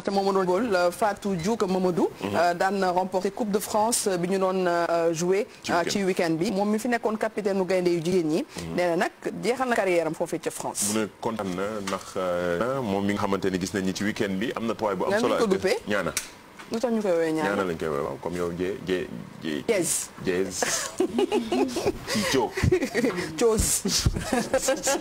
remporté Mamadou Bool euh, Fatou Diouk Mamadou mhm. euh, daan remporté Coupe de France euh, bi ñu doon joué ci week-end bi moom mi fi nekkoon capitaine u gaynde yu jigéen ñi mhm. nee nag jeexal na carrière am foofe ca France mu ne kontaan na ndax moom mi nga xamante ni gis nañu ci week-end bi am na tawaay bu am solo ñaana lu tax ñu koy woowee ñaana lañ koy waaw comme yow jé jé jé. jeez jeez. ci Thio. Thioz.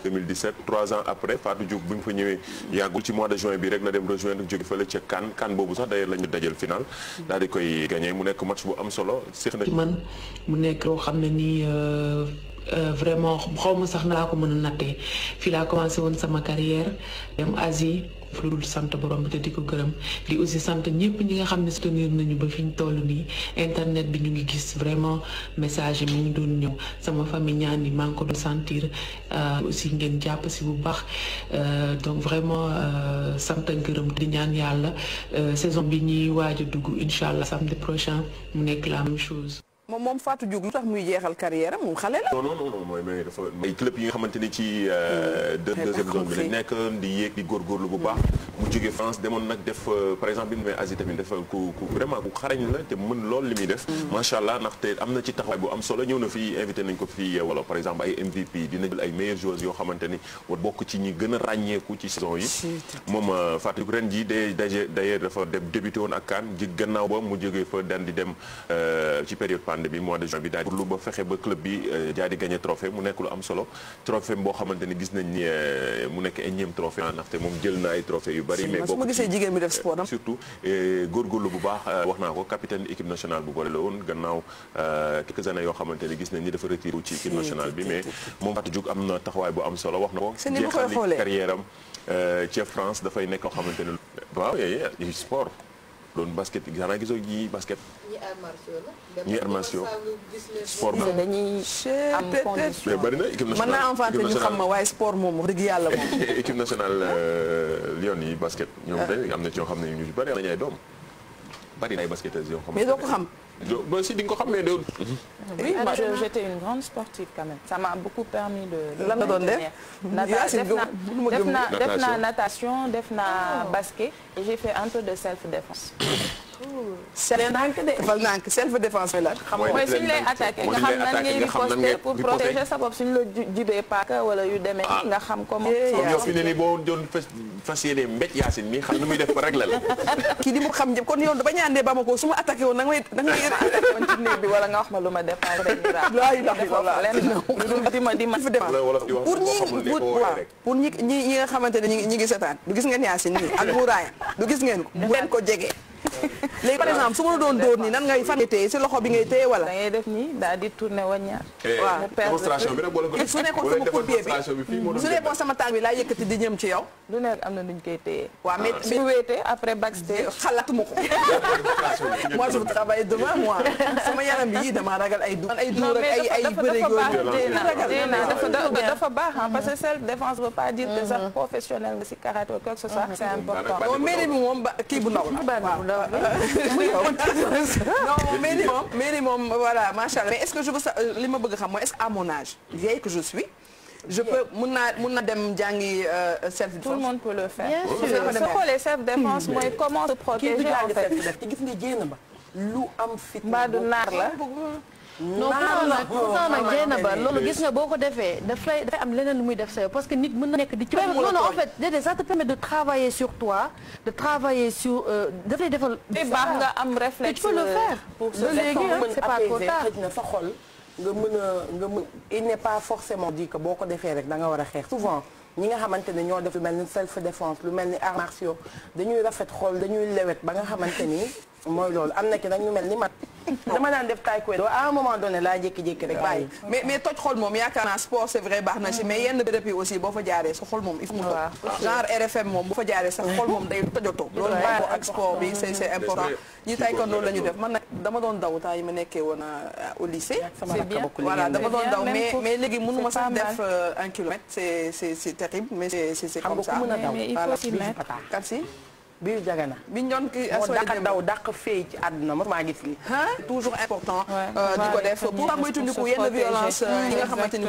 2017 trois ans après Fatou Diouf bu ñu ñëwee yàggul ci mois de juin bi rek la dem rejoindre jóge fële ca kan kan boobu sax d'ailleurs la ñu dajal final daal di koy gagné mu nekk match bu am solo. ci man mu nekk loo xam ne nii. Euh, euh, vraiment xaw ma sax naa ko mën a nattee fii laa commencé woon sama carrière dem Asie lu dul sant borom bi te di ko gërëm di aussi sant ñëpp ñi nga xam ne soutenir nañu ba fi ñu toll nii internet bi ñu ngi gis vraiment message yi mu ngi doon ñëw sama famille ñaan yi maa ko doon sentir euh, aussi ngeen jàpp si bu baax euh, donc vraiment euh, sant ak gërëm di ñaan yàlla saison bi ñuy waaj a dugg incha allah samedi prochain mu nekk la même chose. moom moom Fatou lu tax muy jeexal carrière moom xale la. non non non club yi nga xamante ni ci. Euh, hmm. deuxième zone bi lañ nekk di yéeg di góorgóorlu bu baax. mu jóge France demoon nag def euh, par exemple bi mu may Asie tamit dafa euh, ku ku vraiment ku xarañ la te mën lool li muy def. Hmm. macha allah ndaxte am na ci taxawaay bu am solo ñëw na fii invité nañ ko fii wala par exemple ay MVP dina jël ay meilleurs joueurs yoo xamante ni war bokk ci ñi gën a ràññeeku ci saison yi. moom Fatou Diouf ren jii day day d'ailleurs dafa débuté woon ak Kaan ji gannaaw ba mu jógee fa daan di dem ci période ànd bi mois de juin bi daal pour lu ba fexe ba club bi euh, daal euh, yu bari mais bokk gisee jigéen bi def sport euh, ah. surtout bu baax wax naa ko capitaine équipe nationale bu boole la woon gannaaw quelques années yoo xamante gis nañ ni dafa retiré ci équipe nationale bi mais moom Fatou Diouf am na taxawaay bu am solo wax na ko jeexali carrière am ca France dafay nekk loo xamante ni waaw sport doon basket xanaa gisoo ji basket. ñi armation sport ba dañuy am condition mais bari na équipe nationale mën naa am fàtte ñu xam ma waaye sport moom wax dëgg yàlla moom. équipe nationale euh, Lyon yi basket. ñoom ah. am na ci yoo xam ne ñu bari am nañu ay doom. bari na ay basketteuses yoo xam mais doo ko xam. ba si di nga ko xam mais de. Mhm. oui ma j'étais une grande sportive quand même. ça m'a beaucoup permis de. lan la doon def def naa natation def naa oh. basket. et j'ai fait un peu de self défense. seen ndànk de fal ndànk self défense la mooy suñ lay attaqué nga xam nan ngay riposter pour protéger sa bopp suñ la jibee paaka wala yu demee ah. nga xam comment eh, yow fi ne ni boo doon fas yéene mbéj yaasin mi xam nu muy def ba rek la la kii di mu xam njëpp kon yow da ba ñaandee ba ma ko su ma attaqué woon danga may danga may continuer bi wala nga wax ma lu ma def rek di ma di ma fi def pour ñi pour ñi ñi nga xamante ne ñi ngi seetaan du gis ngeen yaasin nii ak buuraayam du gis ngeen ko bu leen ko jege léegi par exemple su ma doon dóor nii nan ngay fan téye si loxo bi ngay téye wala. da ngay def nii daal di tourner wàññaar. Eh, waaw démonstration bi su nekkoon sama courbier bi su nekkoon sama tànk bi laa yëkkati di ñëm ci yow. lu nekk am na nuñ koy téye. waaw mais su wéetee après backstage xalaatuma ko. moi je travaille demain moi sama yaram bi yii ragal ay. dóor ak ay ay bëre yooyu dafa baax parce que mm-hmm. self défense veut pas mm-hmm. professionnel nga si karaté quoi que ce soit mm-hmm. important. oui on ma mais li moom mais li moom voilà macha que je veux sa euh, li ma bëgg xam mooy est mon âge vieille que je suis. je peux mun na dem jàngi euh, self défense. tout le monde peut faire. bien oh, sûr soo se protéger en fait. kii bi gis nga lu am fit. mbaa du naar non pourtant nag pourtant nag ba loolu gis nga boo ko defee daf dafay am leneen lu muy def sa parce que nit mën na nekk di ci non non en fait déedéet ça te permet de travailler sur toi de travailler sur euh, daf lay defal te nga am réflexe tu peux le faire euh, pour se léegi na sa xol nga mën a nga mën il n'est pas forcément dit boo ko defee rek da nga war a xeex souvent ñi nga xamante ne ñoo def lu mel ni self défense lu mel ni arts martiaux dañuy rafet xol dañuy lewet ba nga xamante ni mooy loolu am na ki nag ñu mel ni mat dama daan def taekwondo à un moment donné laa jékki-jékki rek bàyyi mais mais toj xol moom yaakaar naa sport c'est vrai baax na ci mais yenn béréb yi aussi boo fa jaaree xol moom il faut mu toj genre RFM moom boo fa jaaree xol moom day tojoto loolu baax ak sport bi c'est c'est important ñi taekwondo la ñu def man dama doon daw temps yi ma nekkee woon euh, dama doon daw mais mais léegi mënu ma sax def euh, un kilomètre c'est c'est c'est terrible mais c'est c'est comme ça voilà kan si bi jagana biñ doon kii moo dàq daw dàq fee ci àdduna ma maa gis li toujours important euh, di ko def pour moytu ndiku yenn violence euh, yi nga xamante ni